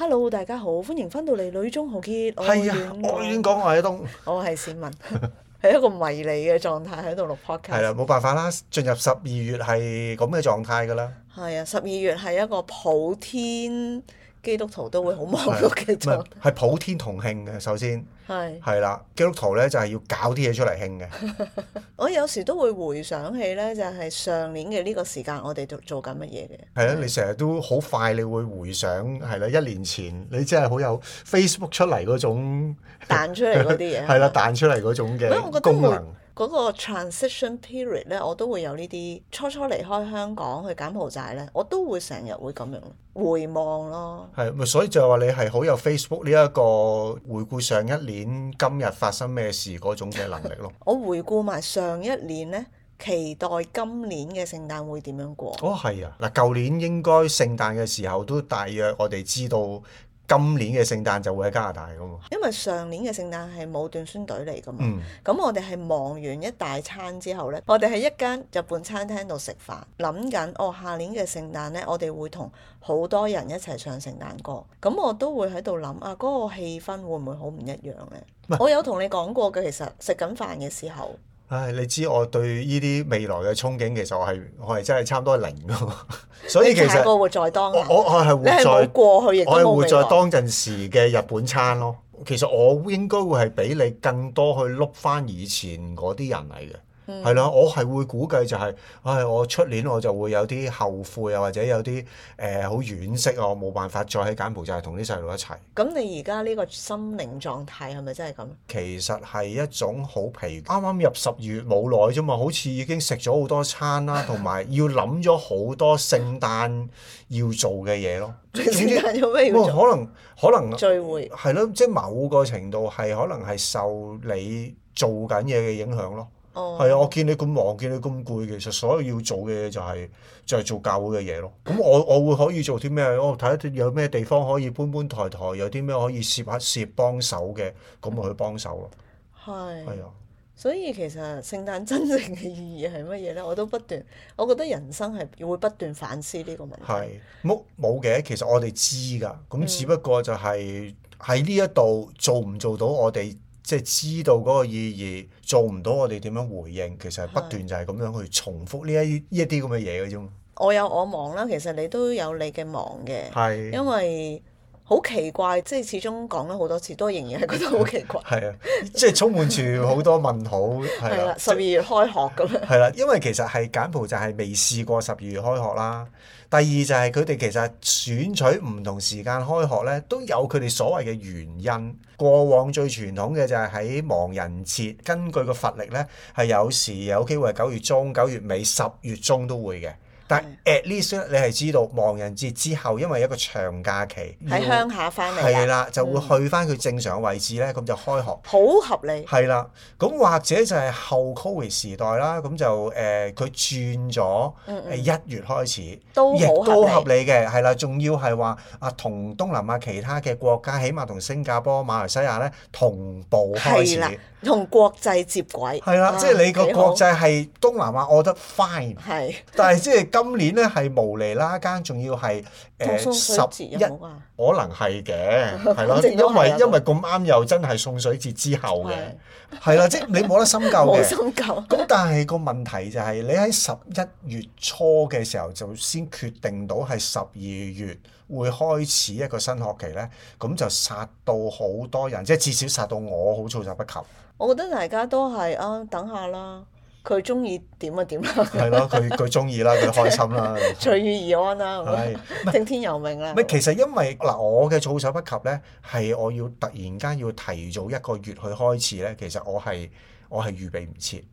Hello，大家好，歡迎翻到嚟《女中豪傑》oh，我啊，我已經講我係東，我係市民，係一個迷離嘅狀態喺度錄 podcast，係啦，冇、啊、辦法啦，進入十二月係咁嘅狀態㗎啦，係啊，十二月係一個普天，基督徒都會好忙碌嘅，唔係普天同慶嘅。首先係係啦，基督徒咧就係、是、要搞啲嘢出嚟慶嘅。 我有時都會回想起咧，就係、是、上年嘅呢個時間我，我哋做做緊乜嘢嘅？係啊，你成日都好快，你會回想係啦，一年前你真係好有 Facebook 出嚟嗰種彈出嚟嗰啲嘢，係啦， 彈出嚟嗰種嘅功能。嗰個 transition period 咧，我都會有呢啲。初初離開香港去柬埔寨咧，我都會成日會咁樣回望咯。係，咪所以就係話你係好有 Facebook 呢一個回顧上一年今日發生咩事嗰種嘅能力咯。 我回顧埋上一年咧，期待今年嘅聖誕會點樣過？哦，係啊，嗱，舊年應該聖誕嘅時候都大約我哋知道。今年嘅聖誕就會喺加拿大㗎嘛，因為上年嘅聖誕係冇短宣隊嚟㗎嘛，咁、嗯、我哋係忙完一大餐之後呢，我哋喺一間日本餐廳度食飯，諗緊哦下年嘅聖誕呢，我哋會同好多人一齊唱聖誕歌，咁我都會喺度諗啊嗰、嗰個氣氛會唔會好唔一樣呢？嗯、我有同你講過嘅，其實食緊飯嘅時候。唉，你知我對呢啲未來嘅憧憬，其實我係我係真係差唔多零噶。 所以其實我我係活，活，活在過去，我係活在當陣時嘅日本餐咯。其實我應該會係比你更多去碌返以前嗰啲人嚟嘅。係啦、嗯，我係會估計就係、是，唉、哎，我出年我就會有啲後悔啊，或者有啲誒好惋惜啊，我冇辦法再喺柬埔寨同啲細路一齊。咁你而家呢個心靈狀態係咪真係咁？其實係一種好疲倦，啱啱入十二月冇耐啫嘛，好似已經食咗好多餐啦，同埋要諗咗好多聖誕要做嘅嘢咯。 經 聖誕有咩要做？可能可能聚會係咯，即係、就是、某個程度係可能係受你做緊嘢嘅影響咯。係啊、oh.，我見你咁忙，見你咁攰，其實所有要做嘅嘢就係、是、就係、是、做教會嘅嘢咯。咁我我會可以做啲咩？我睇下有咩地方可以搬搬抬抬，有啲咩可以攝一攝幫手嘅，咁咪去幫手咯。係、嗯。係啊的，所以其實聖誕真正嘅意義係乜嘢咧？我都不斷，我覺得人生係會不斷反思呢個問題。係冇冇嘅，其實我哋知㗎。咁只不過就係喺呢一度做唔做到我哋。即係知道嗰個意義，做唔到我哋點樣回應，其實係不斷就係咁樣去重複呢一呢一啲咁嘅嘢嘅啫嘛。是我有我忙啦，其實你都有你嘅忙嘅，是因為。好奇怪，即係始終講咗好多次，都仍然係覺得好奇怪。係啊，啊，即係充滿住好多問號。係啦，十二月開學咁樣。係啦，啊，因為其實係柬埔寨就係未試過十二月開學啦。第二就係佢哋其實選取唔同時間開學咧，都有佢哋所謂嘅原因。過往最傳統嘅就係喺亡人節，根據個佛曆咧，係有時有機會係九月中、九月尾、十月中都會嘅。但 at least 你係知道亡人節之後，因為一個長假期喺鄉下翻嚟，係啦，就會去翻佢正常嘅位置咧，咁、嗯、就開學，好合理。係啦，咁或者就係後 COVID 時代啦，咁就誒佢、呃、轉咗一月開始，亦、嗯嗯、都，都合理嘅，係啦。仲要係話啊，同東南亞其他嘅國家，起碼同新加坡、馬來西亞咧同步開始，同國際接軌。係啦，即係你個國際係東南亞我覺得 fine, 的，我得 fine。係，但係即係 今年咧係無離啦，間仲要係誒十一，可能係嘅，係咯、 嗯，的因為因為咁啱又真係送水節之後嘅，係啦，即係你冇得深究嘅。冇得深究。咁但係個問題就係你喺十一月初嘅時候就先決定到係十二月會開始一個新學期咧，咁就殺到好多人，即係至少殺到我好措手不及。 我覺得大家都係啊，啊，等下啦。佢中意點就點啦。係咯、啊，佢佢中意啦，佢開心啦、啊， 隨遇而安啦、啊，聽天由命啦、啊。唔其實因為嗱，我嘅措手不及咧，係我要突然間要提早一個月去開始咧，其實我係我係預備唔切。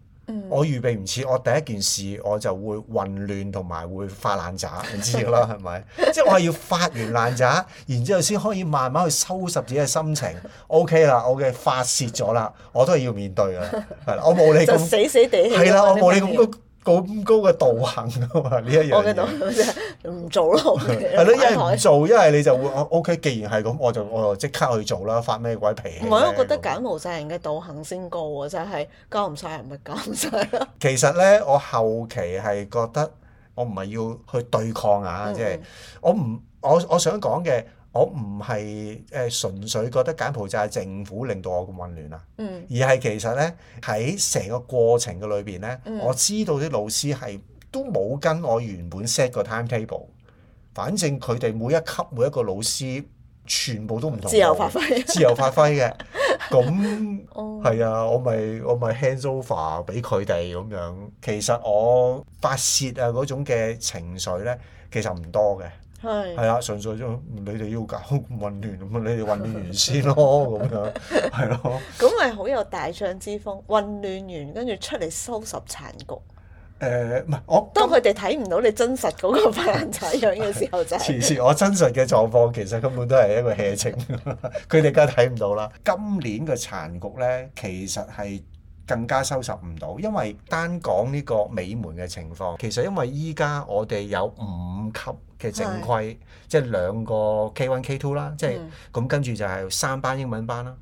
我預備唔切，我第一件事我就會混亂同埋會發爛渣，你知噶啦，係咪？ 即係我係要發完爛渣，然之後先可以慢慢去收拾自己嘅心情。OK 啦，我嘅發泄咗啦，我都係要面對噶，係啦，我冇你咁死死地，係啦，我冇你咁。 咁高嘅道行啊嘛，呢一樣嘢唔 做咯，係咯，一係唔做，一係你就會，OK，既然係咁，我就我即刻去做啦，發咩鬼脾氣咧？我覺得減無責任嘅道行先高啊，真係教唔曬人咪減曬咯。其實咧，我後期係覺得我唔係要去對抗啊，即係 我唔我我想講嘅。我唔係，誒，純粹覺得柬埔寨政府令到我咁混亂啊，嗯、而係其實呢，喺成個過程嘅裏邊呢，嗯、我知道啲老師係都冇跟我原本 set 個 timetable，反正佢哋每一級每一個老師全部都唔同，自由發揮， 自由發揮嘅。咁係、哦、啊，我咪我咪 hand over 俾佢哋咁樣。其實我發泄啊嗰種嘅情緒呢，其實唔多嘅。係係啊，純粹就係、你哋要搞混亂，咁你哋混亂完先咯，咁 樣係咯。咁咪好有大將之風，混亂完跟住出嚟收拾殘局。誒、呃，唔係我當佢哋睇唔到你真實嗰個爛仔樣嘅時候就， 就遲遲我真實嘅狀況其實根本都係一個邪情，佢哋梗係睇唔到啦。今年嘅殘局咧，其實係，更加收拾唔到，因為單講呢個美門嘅情況，其實因為依家我哋有五級嘅正規，的即係兩個 K One、K Two 啦，的即係咁跟住就係三班英文班啦。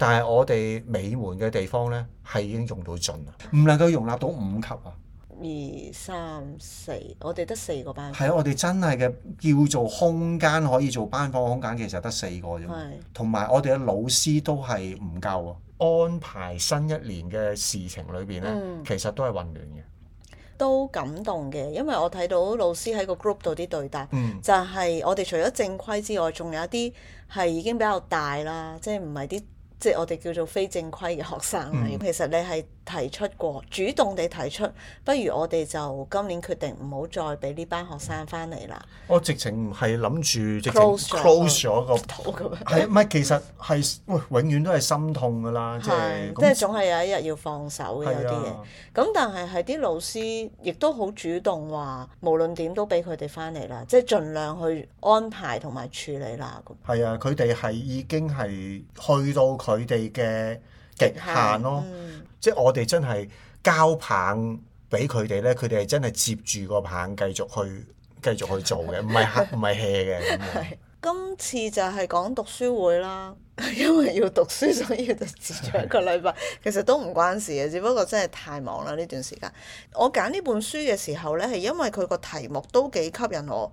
但係我哋美門嘅地方呢，係已經用到盡啦，唔能夠容納到五級啊。二三四，我哋得四個班。係啊，我哋真係嘅叫做空間可以做班房空間，其實得四個啫。係的。同埋我哋嘅老師都係唔夠啊。安排新一年嘅事情裏邊咧，嗯、其實都係混亂嘅，都感動嘅，因為我睇到老師喺個 group 度啲對待，嗯、就係我哋除咗正規之外，仲有一啲係已經比較大啦，即係唔係啲。即係我哋叫做非正規嘅學生、嗯、其實你係提出過主動地提出，不如我哋就今年決定唔好再俾呢班學生翻嚟啦。我直情唔係諗住直情 close 咗，個係唔係？其實係喂、哎，永遠都係心痛噶啦。即係是樣即係總係有一日要放手嘅有啲嘢。咁、啊、但係係啲老師亦都好主動話，無論點都俾佢哋翻嚟啦。即係盡量去安排同埋處理啦。係啊，佢哋係已經係去到。佢哋嘅極限咯，的即係我哋真係交棒俾佢哋咧，佢哋係真係接住個棒繼續去繼續去做嘅，唔係黑唔係 hea 嘅咁樣。今次就係講讀書會啦，因為要讀書，所以就遲咗一個禮拜。其實都唔關事嘅，只不過真係太忙啦呢段時間。我揀呢本書嘅時候呢係因為佢個題目都幾吸引我。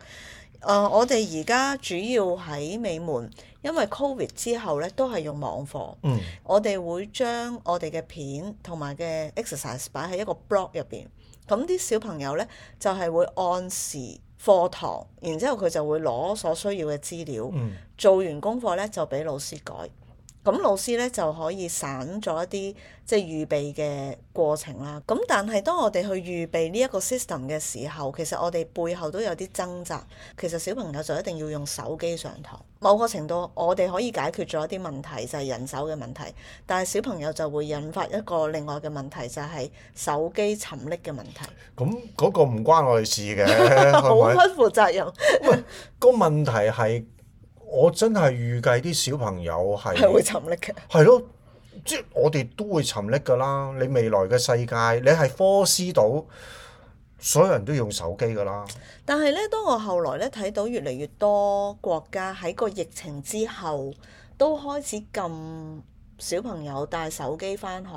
誒、呃，我哋而家主要喺美門，因為 COVID 之後呢都係用網課。嗯、我哋會將我哋嘅片同埋嘅 exercise 擺喺一個 blog 入邊，咁啲小朋友呢，就係、是、會按時課堂，然之後佢就會攞所需要嘅資料，嗯、做完功課呢就俾老師改。咁老師咧就可以省咗一啲即係預備嘅過程啦。咁但係當我哋去預備呢一個 system 嘅時候，其實我哋背後都有啲掙扎。其實小朋友就一定要用手機上堂，某個程度我哋可以解決咗一啲問題，就係人手嘅問題。但係小朋友就會引發一個另外嘅問題，就係手機沉溺嘅問題。咁嗰個唔關我哋事嘅，好不負責任， 嗯，個問題係。我真係預計啲小朋友係係會沉溺嘅，係咯，即我哋都會沉溺噶啦。你未來嘅世界，你係 foresee 到所有人都用手機噶啦。但係呢，當我後來呢睇到越嚟越多國家喺個疫情之後都開始禁小朋友帶手機翻學，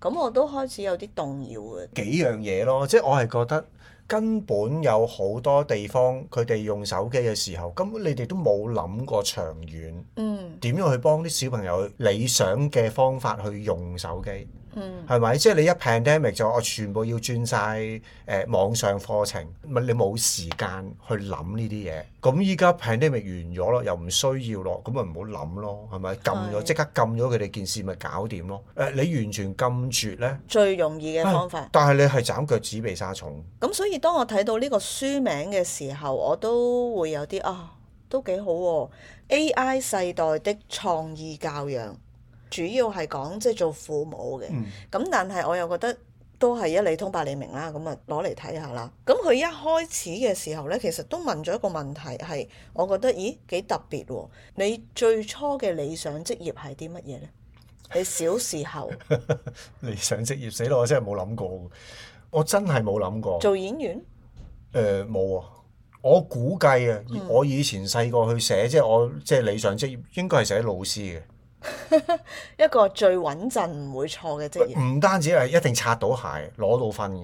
咁我都開始有啲動搖嘅幾樣嘢咯。即係我係覺得。根本有好多地方，佢哋用手機嘅時候，咁你哋都冇諗過長遠，嗯，點樣去幫啲小朋友理想嘅方法去用手機。嗯，係咪？即係你一 pandemic 就我全部要轉晒誒、呃、網上課程，咪你冇時間去諗呢啲嘢。咁依家 pandemic 完咗咯，又唔需要咯，咁咪唔好諗咯，係咪？撳咗即刻撳咗佢哋件事咪搞掂咯？誒，你完全禁絕咧，最容易嘅方法。哎、但係你係斬腳趾避沙蟲。咁所以當我睇到呢個書名嘅時候，我都會有啲、哦、啊，都幾好喎！AI 世代的創意教養。主要係講，即係做父母嘅。咁、嗯、但係我又覺得都係一理通百理明啦，咁啊，攞嚟睇下啦。咁佢一開始嘅時候呢，其實都問咗一個問題，係我覺得咦幾特別。你最初嘅理想職業係啲乜嘢呢？你小時候 理想職業死咯，我真係冇諗過，我真係冇諗過做演員？誒冇、呃哦，我估計啊，嗯、我以前細個去寫，即係我即係理想職業，應該係寫老師嘅。 一個最穩陣唔會錯嘅職業，唔單止係一定擦到鞋攞到分嘅，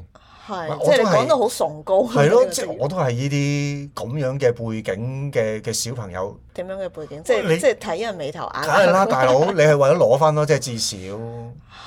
是我即係你講到好崇高。係咯，即係我都係呢啲咁樣嘅背景嘅嘅小朋友。咁樣嘅背景，即係你即係睇人眉頭眼。梗係啦，大佬， 你係為咗攞翻咯，即係至少。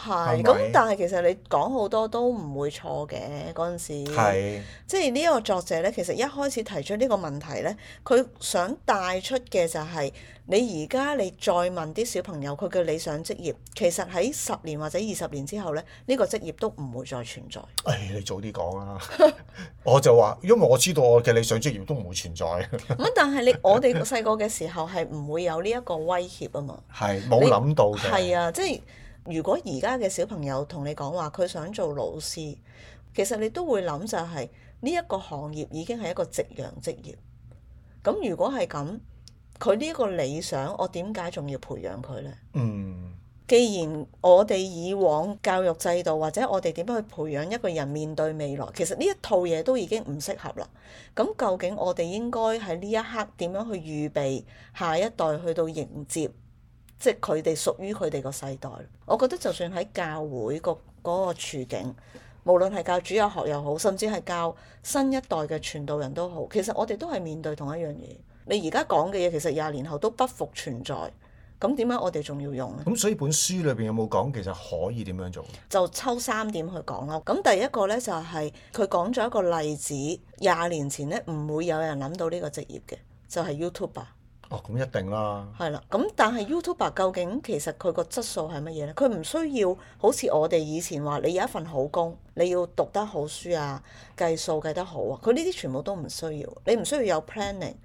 係咁是但係其實你講好多都唔會錯嘅嗰陣時。係是。即係呢個作者咧，其實一開始提出呢個問題咧，佢想帶出嘅就係、是、你而家你再問啲小朋友佢嘅理想職業，其實喺十年或者二十年之後咧，呢、這個職業都唔會再存在。誒，你早啲講啊！ 我就話，因為我知道我嘅理想職業都唔會存在。咁 但係你我哋細個嘅時，時。時候係唔會有呢一個威脅啊嘛，係冇諗到嘅。係啊，即係如果而家嘅小朋友同你講話，佢想做老師，其實你都會諗就係呢一個行業已經係一個夕陽職業。咁如果係咁，佢呢一個理想，我點解仲要培養佢呢？嗯。既然我哋以往教育制度或者我哋點樣去培養一個人面對未來，其實呢一套嘢都已經唔適合啦。咁究竟我哋應該喺呢一刻點樣去預備下一代去到迎接，即係佢哋屬於佢哋個世代？我覺得就算喺教會個嗰個處境，無論係教主日學又好，甚至係教新一代嘅傳道人都好，其實我哋都係面對同一樣嘢。你而家講嘅嘢，其實廿年後都不復存在。咁點解我哋仲要用呢？咁所以本書裏邊有冇講其實可以點樣做？就抽三點去講咯。咁第一個呢，就係佢講咗一個例子，廿年前呢，唔會有人諗到呢個職業嘅，就係 YouTuber。哦，咁一定啦。係啦，咁但係 YouTuber 究竟其實佢個質素係乜嘢呢？佢唔需要好似我哋以前話你有一份好工，你要讀得好書啊，計數計得好啊，佢呢啲全部都唔需要。你唔需要有 planning。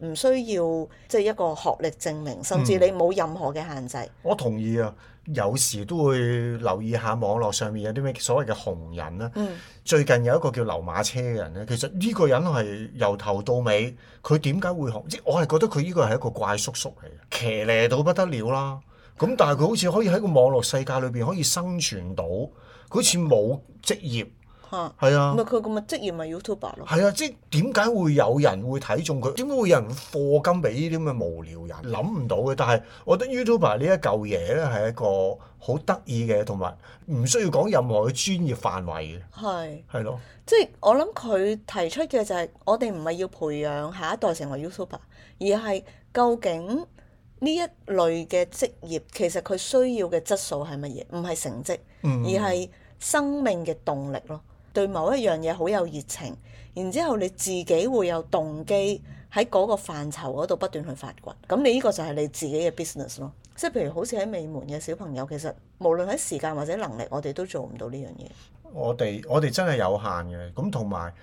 唔需要即係一個學歷證明，甚至你冇任何嘅限制，嗯。我同意啊，有時都會留意下網絡上面有啲咩所謂嘅紅人啦。嗯、最近有一個叫劉馬車嘅人咧，其實呢個人係由頭到尾，佢點解會紅？即我係覺得佢呢個係一個怪叔叔嚟，騎呢到不得了啦。咁但係佢好似可以喺個網絡世界裏邊可以生存到，佢好似冇職業。嚇係啊！咪佢咁嘅職業咪 YouTuber 咯。係啊，即係點解會有人會睇中佢？點解會有人課金俾呢啲咁嘅無聊人？諗唔到嘅。但係，我覺得 YouTuber 呢一嚿嘢咧係一個好得意嘅，同埋唔需要講任何嘅專業範圍嘅。係係是咯。即係我諗佢提出嘅就係我哋唔係要培養下一代成為 YouTuber，而係究竟呢一類嘅職業其實佢需要嘅質素係乜嘢？唔係成績，嗯、而係生命嘅動力咯。對某一樣嘢好有熱情，然之後你自己會有動機喺嗰個範疇嗰度不斷去發掘，咁你呢個就係你自己嘅 business 咯。即係譬如好似喺美門嘅小朋友，其實無論喺時間或者能力，我哋都做唔到呢樣嘢。我哋我哋真係有限嘅，咁同埋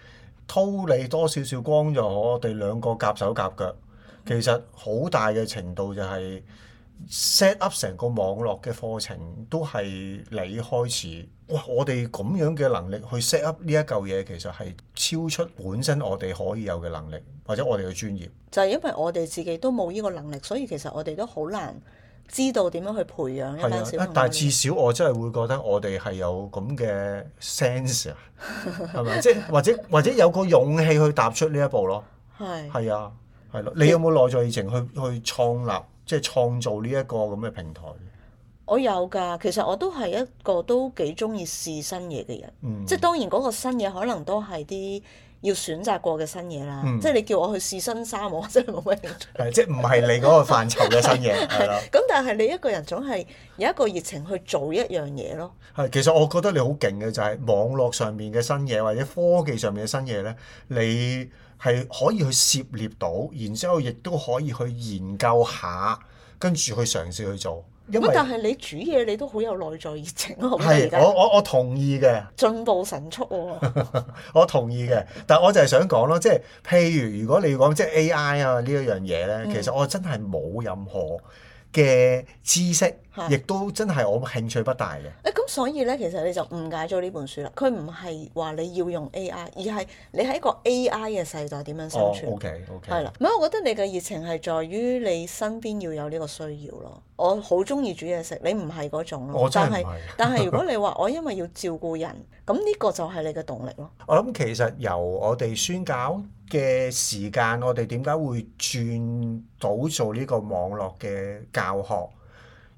偷你多少少光就我哋兩個夾手夾腳，其實好大嘅程度就係、是。set up 成個網絡嘅課程都係你開始，哇！我哋咁樣嘅能力去 set up 呢一嚿嘢，其實係超出本身我哋可以有嘅能力，或者我哋嘅專業。就係因為我哋自己都冇呢個能力，所以其實我哋都好難知道點樣去培養一班、啊、小朋友。但係至少我真係會覺得我哋係有咁嘅 sense，係咪？ 即或者或者有個勇氣去踏出呢一步咯。係係是啊，係咯、啊啊。你有冇內在熱情去是去創立？即係創造呢一個咁嘅平台。我有㗎，其實我都係一個都幾中意試新嘢嘅人。嗯、即係當然嗰個新嘢可能都係啲要選擇過嘅新嘢啦。嗯、即係你叫我去試新衫，我真係冇乜興趣。誒 即係唔係你嗰個範疇嘅新嘢係咁，但係你一個人總係有一個熱情去做一樣嘢咯。係，其實我覺得你好勁嘅就係、係、網絡上面嘅新嘢或者科技上面嘅新嘢咧，你。係可以去涉獵到，然之後亦都可以去研究下，跟住去嘗試去做。咁但係你煮嘢，你都好有內在熱情咯。係，我我我同意嘅。進步神速、哦、 我同意嘅，但係我就係想講咯，即係譬如如果你講即係 AI 啊呢一樣嘢咧，嗯、其實我真係冇任何嘅知識。亦都真係我興趣不大嘅。誒咁、哎，所以咧，其實你就誤解咗呢本書啦。佢唔係話你要用 A.I.，而係你喺一個 A.I. 嘅世代點樣生存？O.K. O.K. 係啦，唔係我覺得你嘅熱情係在於你身邊要有呢個需要咯。我好中意煮嘢食，你唔係嗰種咯。我真係但係是 但係如果你話我因為要照顧人，咁呢個就係你嘅動力咯。我諗其實由我哋宣教嘅時間，我哋點解會轉到做呢個網絡嘅教學？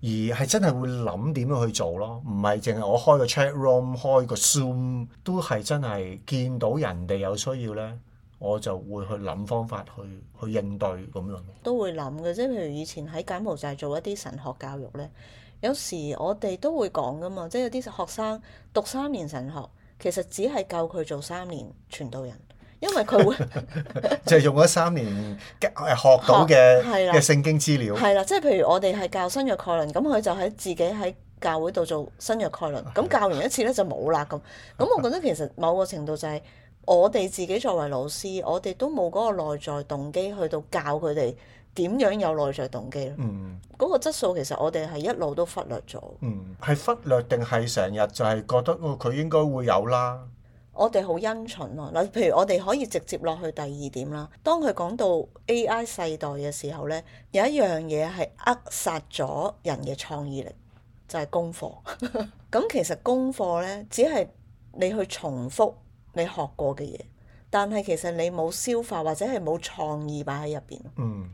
而係真係會諗點樣去做咯，唔係淨係我開個 chat room、開個 zoom，都係真係見到人哋有需要呢，我就會去諗方法去去應對咁樣。都會諗嘅，即係譬如以前喺柬埔寨做一啲神學教育呢，有時我哋都會講㗎嘛，即係有啲學生讀三年神學，其實只係教佢做三年傳道人。因為佢會 就係用咗三年嘅學到嘅嘅 是的 聖經資料，係啦，即係譬如我哋係教新約概論，咁佢就喺自己喺教會度做新約概論，咁的教完一次咧就冇啦咁。咁我覺得其實某個程度就係我哋自己作為老師，我哋都冇嗰個內在動機去到教佢哋點樣有內在動機咯。嗯，嗰個質素其實我哋係一路都忽略咗。嗯，係忽略定係成日就係覺得佢、哦、應該會有啦？我哋好殷勤咯，嗱，譬如我哋可以直接落去第二點啦。當佢講到 AI 世代嘅時候咧，有一樣嘢係扼殺咗人嘅創意力，就係功課。咁 其實功課咧，只係你去重複你學過嘅嘢，但係其實你冇消化或者係冇創意擺喺入邊。嗯，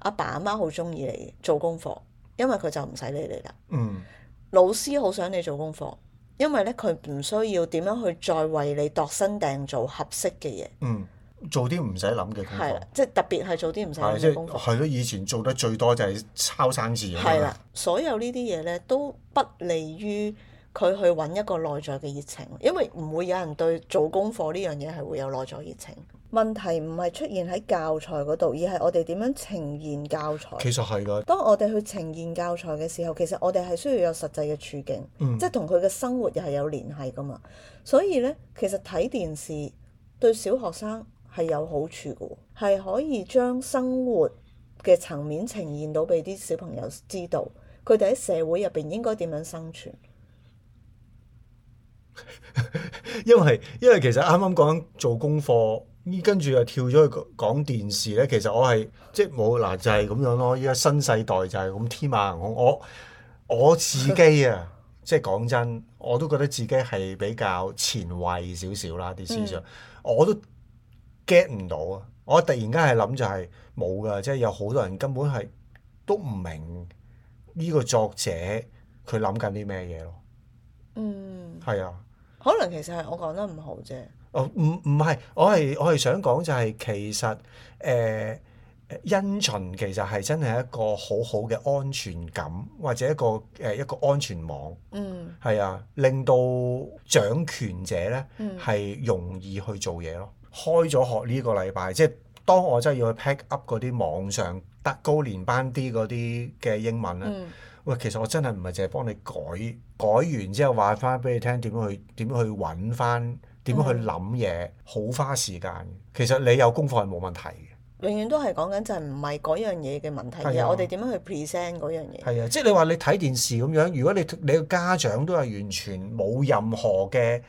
阿爸阿媽好中意你做功課，因為佢就唔使理你啦。嗯，老師好想你做功課。因為咧，佢唔需要點樣去再為你度身訂做合適嘅嘢。嗯，做啲唔使諗嘅工作。係啦，即係特別係做啲唔使諗嘅工作。係咯，以前做得最多就係抄生字。係啦，所有呢啲嘢咧都不利於佢去揾一個內在嘅熱情，因為唔會有人對做功課呢樣嘢係會有內在熱情。問題唔係出現喺教材嗰度，而係我哋點樣呈現教材。其實係㗎。當我哋去呈現教材嘅時候，其實我哋係需要有實際嘅處境，嗯、即係同佢嘅生活又係有聯繫㗎嘛。所以呢，其實睇電視對小學生係有好處嘅，係可以將生活嘅層面呈現到俾啲小朋友知道，佢哋喺社會入邊應該點樣生存。 因為因為其實啱啱講做功課。呢跟住又跳咗去講電視咧，其實我係即係冇嗱就係、是、咁樣咯。依家新世代就係咁天馬行空，我我自己啊，它 即係講真，我都覺得自己係比較前衛少少啦，啲思想，嗯、我都 get 唔到啊！我突然間係諗就係冇噶，即係有好多人根本係都唔明呢個作者佢諗緊啲咩嘢咯。嗯，係啊，可能其實係我講得唔好啫。哦，唔唔係，我係我係想講就係其實誒恩循其實係真係一個好好嘅安全感，或者一個誒、呃、一個安全網，嗯，係啊，令到掌權者咧係、嗯、容易去做嘢咯。開咗學呢個禮拜，即係當我真係要去 pack up 嗰啲網上得高年班啲嗰啲嘅英文咧，嗯、喂，其實我真係唔係淨係幫你改改完之後話翻俾你聽點樣去點樣去揾翻。點樣去諗嘢好花時間？其實你有功課係冇問題嘅。永遠都係講緊就係唔係嗰樣嘢嘅問題嘅。有我哋點樣去 present 嗰樣嘢？係啊，即係你話你睇電視咁樣，如果你你個家長都係完全冇任何嘅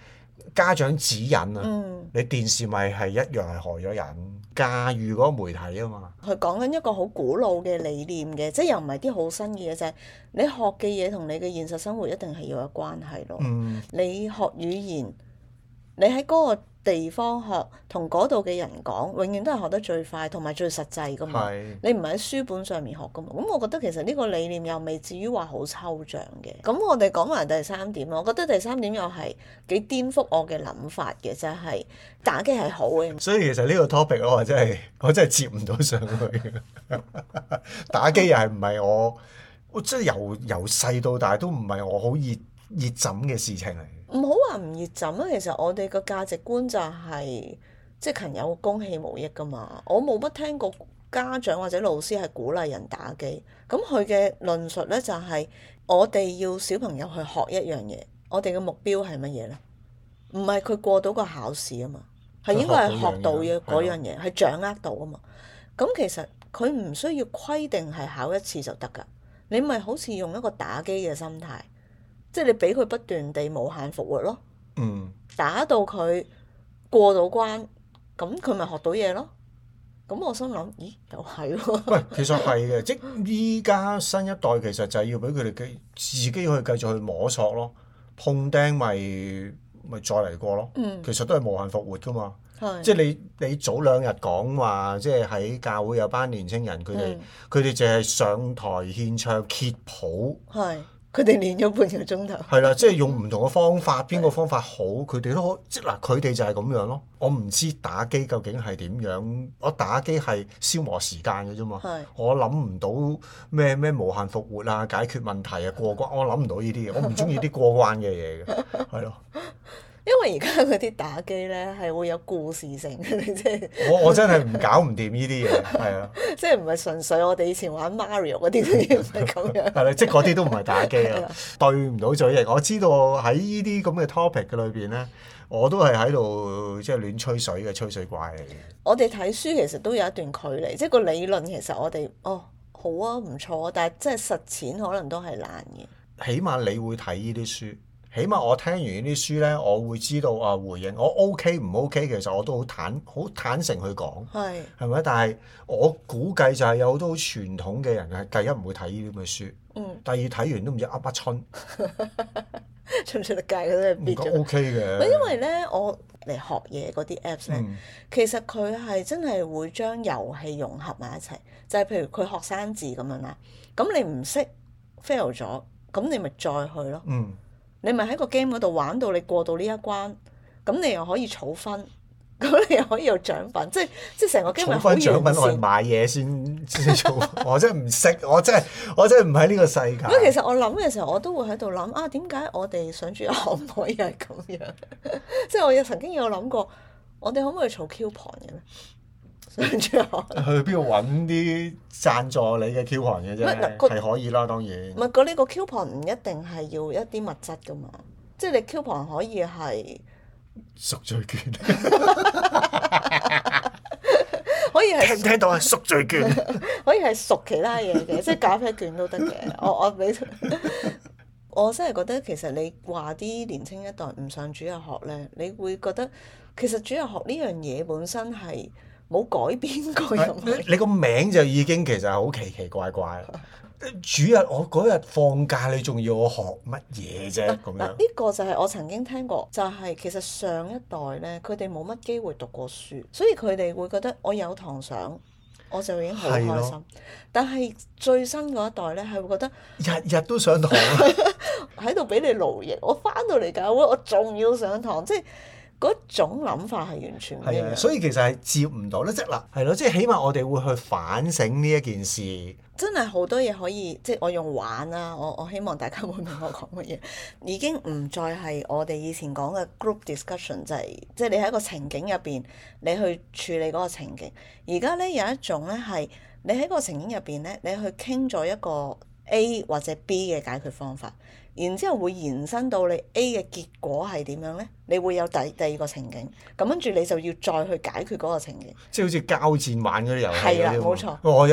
家長指引啊，嗯、你電視咪係一樣係害咗人，駕馭嗰個媒體啊嘛。佢講緊一個好古老嘅理念嘅，即係又唔係啲好新嘅嘢，就係你學嘅嘢同你嘅現實生活一定係要有關係咯。嗯、你學語言。你喺嗰個地方學，同嗰度嘅人講，永遠都係學得最快，同埋最實際噶嘛。是你唔係喺書本上面學噶嘛。咁我覺得其實呢個理念又未至於話好抽象嘅。咁我哋講埋第三點咯。我覺得第三點又係幾顛覆我嘅諗法嘅，就係、是、打機係好嘅。所以其實呢個 topic 我真係我真係接唔到上去。 打機又係唔係我？即係由由細到大都唔係我好熱熱枕嘅事情嚟，唔好話唔熱枕啊！其實我哋個價值觀就係、是、即係勤有功，戲無益噶嘛。我冇乜聽過家長或者老師係鼓勵人打機。咁佢嘅論述呢、就是，就係我哋要小朋友去學一樣嘢，我哋嘅目標係乜嘢呢？唔係佢過到個考試啊嘛，係應該係學到嘅嗰樣嘢，係的掌握到啊嘛。咁其實佢唔需要規定係考一次就得噶，你咪好似用一個打機嘅心態。即係你俾佢不斷地無限復活咯，打到佢過到關，咁佢咪學到嘢咯？咁我心諗，咦，又係咯？喂，其實係嘅，即係依家新一代其實就係要俾佢哋繼自己去繼續去摸索咯，碰釘咪咪再嚟過咯。嗯，其實都係無限復活噶嘛。係，即係你你早兩日講話，即係喺教會有班年青人，佢哋佢哋淨係上台獻唱揭譜。係。佢哋練咗半個鐘頭。係啦，即係用唔同嘅方法，邊、嗯、個方法好？佢哋的都好，即嗱，佢哋就係咁樣咯。我唔知打機究竟係點樣。我打機係消磨時間嘅啫嘛。的我諗唔到咩咩無限復活啊，解決問題啊，過關。我諗唔到呢啲嘢。我唔中意啲過關嘅嘢嘅，係咯 的。 因為而家嗰啲打機咧係會有故事性嘅，即係我我真係唔搞唔掂呢啲嘢，係啊！即係唔係純粹我哋以前玩 Mario 嗰啲唔係咁樣？係 啦， 即係嗰啲都唔係打機啊， 對唔到嘴型。我知道喺呢啲咁嘅 topic 嘅裏邊咧，我都係喺度即係亂吹水嘅吹水怪嚟嘅。我哋睇書其實都有一段距離，即係個理論其實我哋哦，好啊唔錯，但係即係實踐可能都係難嘅。起碼你會睇呢啲書。起碼我聽完呢啲書咧，我會知道啊回應我 O K 唔 O K，其實我都好坦好坦誠去講，係係咪？但係我估計就係有好多好傳統嘅人係第一唔會睇呢啲咁嘅書，嗯、第二睇完都唔知噏乜春， 出唔出界都得界嗰啲係變咗 O K 嘅。 因為咧我嚟學嘢嗰啲 Apps 咧，嗯、其實佢係真係會將遊戲融合埋一齊，就係、係、譬如佢學生字咁樣啦。咁你唔識 fail 咗，咁你咪再去咯。嗯你咪喺個 game 嗰度玩到你過到呢一關，咁你又可以儲分，咁你又可以有獎品，即係即係成個 game。儲分獎品我去買嘢先先做，我真係唔識，我真係我真係唔喺呢個世界。其實我諗嘅時候，我都會喺度諗啊，點解我哋主日學又係咁樣？ 即係我有曾經有諗過，我哋可唔可以儲 coupon 嘅咧？ 去邊度揾啲贊助你嘅 coupon 嘅啫，係可以啦，那個、當然。唔係、啊，嗰呢個 coupon 唔一定係要一啲物質噶嘛，即、就、係、是、你 coupon 可以係贖罪券， 可以係聽聽到係贖罪券， 可以係贖其他嘢嘅， 即係咖啡券都得嘅。我我俾，我，我，我， 我真係覺得其實你話啲年青一代唔上主日學咧，你會覺得其實主日學呢樣嘢本身係。冇改變過。你個名就已經其實好奇奇怪怪喇。 主日我嗰日放假，你仲要我學乜嘢啫？咁樣。嗱，呢個就係我曾經聽過，就係、是、其實上一代呢，佢哋冇乜機會讀過書，所以佢哋會覺得我有堂上，我就已經好開心。的但係最新嗰一代呢，係會覺得日日都上堂，喺度俾你勞役。我翻到嚟教會，我仲要上堂，即、就、係、是。嗰種諗法係完全係啊，所以其實係接唔到咧，即係啦，係咯，即係起碼我哋會去反省呢一件事。真係好多嘢可以，即係我用玩啦，我我希望大家會明我講乜嘢，已經唔再係我哋以前講嘅 group discussion，就係、是、即係你喺一個情景入邊，你去處理嗰個情景。而家咧有一種咧係，你喺個情景入邊咧，你去傾咗一個 A 或者 B 嘅解決方法。然之後會延伸到你 A 嘅結果係點樣呢？你會有第第二個情景，咁跟住你就要再去解決嗰個情景。即係好似交戰玩嗰啲遊戲嗰啲喎。係啦，冇錯。我一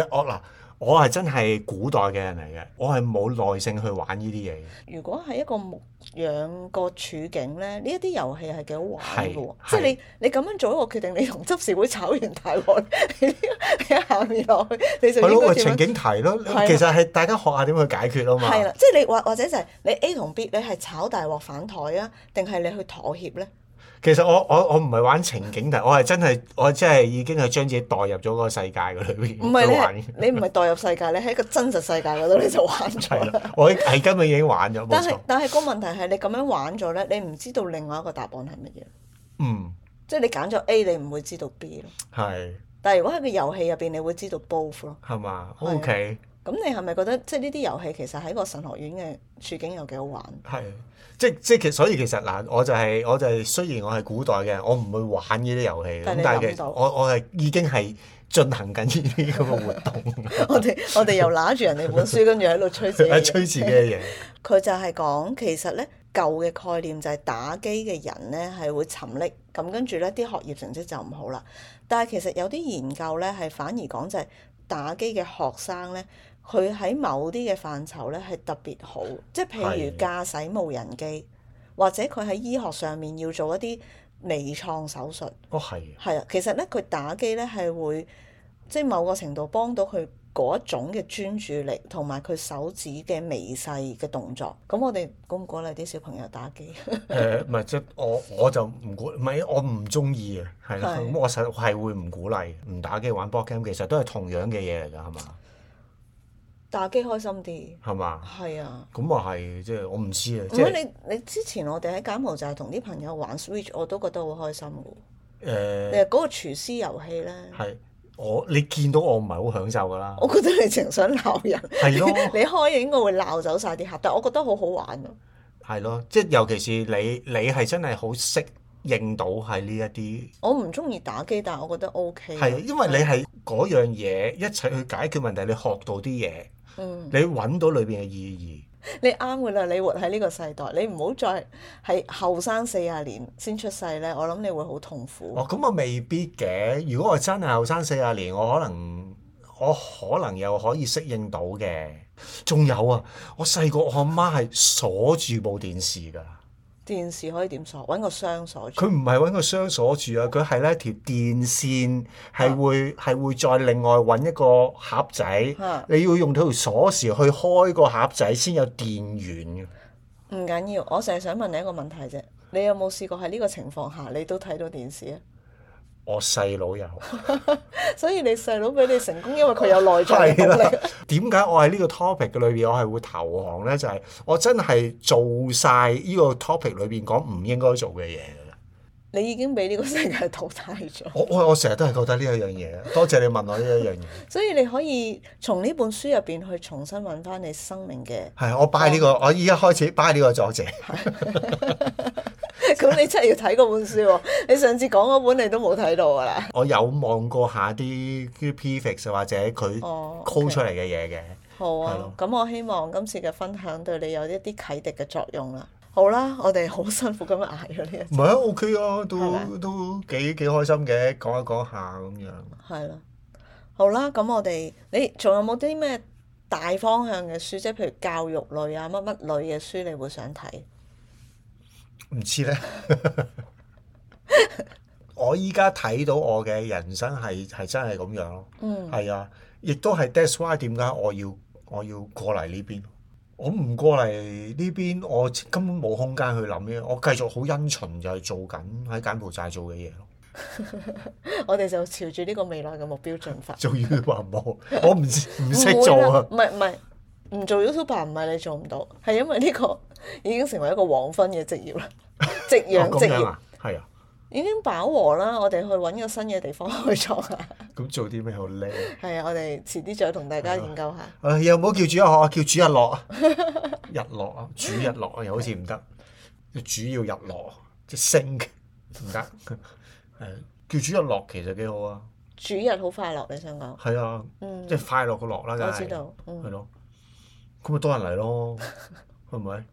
我係真係古代嘅人嚟嘅，我係冇耐性去玩呢啲嘢。如果係一個牧養個處境咧，呢一啲遊戲係幾好玩嘅，是 即係你是 你咁樣做一個決定，你同執事會炒完大鑊，一 下面落去，你就係咯個情景題咯。的其實係大家學下點去解決啊嘛。係啦，即係你或或者就係你 A 同 B，你係炒大鑊反台啊，定係你去妥協咧？其實我我我唔係玩情景，但、嗯、我係真係我即係已經係將自己代入咗嗰個世界嗰裏邊。唔係，你唔係的代入世界 你喺個真實世界嗰度你就玩咗。 我係根本已經玩咗。但係是錯但係個問題係你咁樣玩咗咧，你唔知道另外一個答案係乜嘢。嗯。即係你揀咗 A，你唔會知道 B 咯。係的。但係如果喺個遊戲入邊，你會知道 both 咯。係嘛？O K。Okay. 咁你係咪覺得即係呢啲遊戲其實喺個神學院嘅處境有幾好玩？係，即即其所以其實嗱，我就係、是、我就係、是、雖然我係古代嘅，我唔會玩呢啲遊戲，但係我我係已經係進行緊呢啲咁嘅活動 我。我哋我哋又揦住人哋本書，跟住喺度吹自己嘢。 吹自己嘅嘢。佢 就係講其實咧舊嘅概念就係打機嘅人咧係會沉溺，咁跟住咧啲學業成績就唔好啦。但係其實有啲研究咧係反而講就係打機嘅學生咧。佢喺某啲嘅範疇咧係特別好，即係譬如駕駛無人機，的或者佢喺醫學上面要做一啲微創手術。哦，係。係啊，其實咧佢打機咧係會即係某個程度幫到佢嗰一種嘅專注力，同埋佢手指嘅微細嘅動作。咁我哋鼓唔鼓勵啲小朋友打機？誒、 呃，唔係即係我我就唔鼓，唔係我唔中意嘅，係啦，咁我實係會唔鼓勵，唔的打機玩 ball game，其實都係同樣嘅嘢嚟㗎，係嘛？打機開心啲，係嘛吧？係啊。咁啊係，即係我唔知啊。唔、就、該、是，你你之前我哋喺柬埔寨同啲朋友玩 Switch，我都覺得好開心嘅。誒、呃，誒嗰個廚師遊戲咧。係我你見到我唔係好享受㗎啦。我覺得你情想鬧人。係咯、啊， 你開應該會鬧走晒啲客，但係我覺得好好玩啊。係咯，即係尤其是你你係真係好適應到喺呢一啲。我唔中意打機，但係我覺得 O、OK、K。係、啊、因為你係嗰樣嘢一齊去解決問題，你學到啲嘢。你揾到裏邊嘅意義，你啱嘅啦！你活喺呢個世代，你唔好再係後生四十年先出世咧，我諗你會好痛苦。哦，咁啊未必嘅。如果我真係後生四十年，我可能我可能又可以適應到嘅。仲有啊，我細個我阿媽係鎖住部電視㗎。電視可以點鎖？揾個箱鎖住。佢唔係揾個箱鎖住啊！佢係呢條電線係會係、啊、會再另外揾一個盒仔，啊、你要用到條鎖匙去開個盒仔先有電源。唔緊要，我成日想問你一個問題啫，你有冇試過喺呢個情況下你都睇到電視啊？我細佬又， 所以你細佬俾你成功， 因為佢有內 的 在力量。點解我喺呢個 topic 嘅裏邊，我係會投降呢？就係、是、我真係做晒呢個 topic 裏邊講唔應該做嘅嘢。你已經俾呢個世界淘汰咗。我我我成日都係覺得呢一樣嘢，多謝你問我呢一樣嘢。所以你可以從呢本書入邊去重新搵返你生命嘅。係，我拜呢個，我依家開始拜呢個作者。咁你真係要睇嗰本書？你上次講嗰本你都冇睇到噶啦。我有望過下啲啲 preface 或者佢 call 出嚟嘅嘢嘅。好啊。咁我希望今次嘅分享對你有一啲啟迪嘅作用啦。好啦，我哋好辛苦咁樣挨咗呢唔係啊，OK 啊，都吧都幾幾開心嘅，講一講一下咁樣。係啦，好啦，咁我哋你仲有冇啲咩大方向嘅書？即係譬如教育類啊，乜乜類嘅書，你會想睇？唔知咧，我依家睇到我嘅人生係係真係咁樣咯。嗯。係啊，亦都係。That's why 點解我要我要過嚟呢邊？我唔過嚟呢邊，我根本冇空間去諗呢，我繼續好殷勤就係做緊喺柬埔寨做嘅嘢咯。 我哋就朝住呢個未來嘅目標進發。做 YouTuber，冇，我唔唔識做啊。唔係唔係，唔做 YouTuber 唔係你做唔到，係因為呢個已經成為一個黃昏嘅職業啦。夕陽職業係 啊。業已經飽和啦，我哋去揾個新嘅地方去創下。咁做啲咩好叻？係啊，我哋遲啲再同大家研究下。誒，又唔好叫主日學，叫主日落啊，日落啊，主日落又好似唔得。主要日落，即係升唔得。係叫主日落其實幾好啊。主日好快樂，你想講？係啊，即係快樂個樂啦，我知道。係咯，咁咪多人嚟咯，係咪？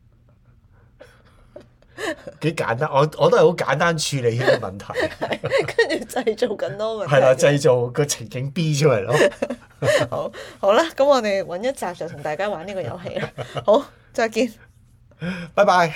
幾簡單，我我都係好簡單處理呢個問題， 跟住製造更多問題，係啦，製造個情景 B 出嚟咯。好，好啦，咁我哋揾一集就同大家玩呢個遊戲啦。好，再見，拜拜。